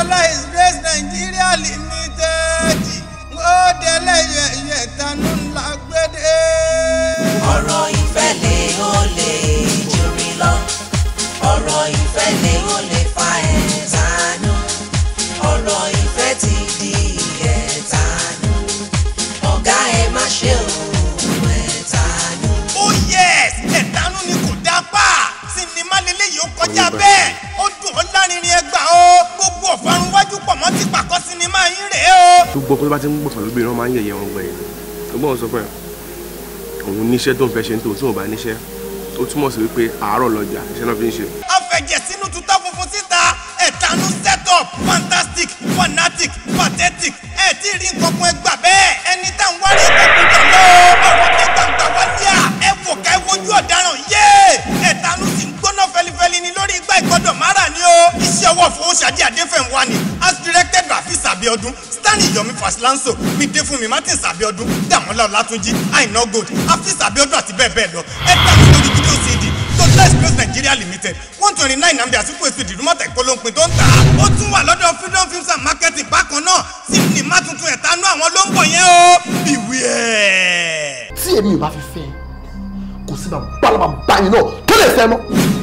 Allah is blessed Nigeria. ó ti pàkọ́ sinimá yín rèé o. gbogbo ọkùnrin bá ti ń gbọ̀ pẹ̀lú obìnrin wọn máa ń yẹ̀yẹ́ wọn gbẹ̀yìn gbogbo sọ pé òun níṣẹ́ tó ń fẹ́ ṣe ní tòun tí òun bá níṣẹ́ ó túmọ̀ sí wípé àárọ̀ lọ́jà iṣẹ́ náà fi ń ṣe. ọ̀fẹ̀jẹ̀ sínú tutọ́ funfun síta ẹ̀tanú set up fantastic fanatic pathetic ẹ̀ tí rí nǹkan kan ẹgbàá bẹ́ẹ̀. of Oṣadé Adéfẹ̀wani as directed by Hafiz Abiodun Stanley Yomi Fasilanso Bídéfúnmi Martins Abiodun Dàmọ́lá Ọlátúnjí Àìná Gold Hafiz Abiodun àti bẹ́ẹ̀ bẹ́ẹ̀ lọ ẹ dá lórí fídíò CD Total Express Nigeria Limited one twenty nine Nnamdi Azikiwe Street Ìdúmọ̀tà ìpolonpin tó ń tà ó tún wà lọ́dọ̀ Freedom Films and Marketing bákan náà sí ní má tuntun àwọn ló ń bọ̀ yẹn o ìwé tí èmi ò bá fi fẹ́ kò sí bàbá bàbá báyìí náà tó lè fẹ́ mọ́.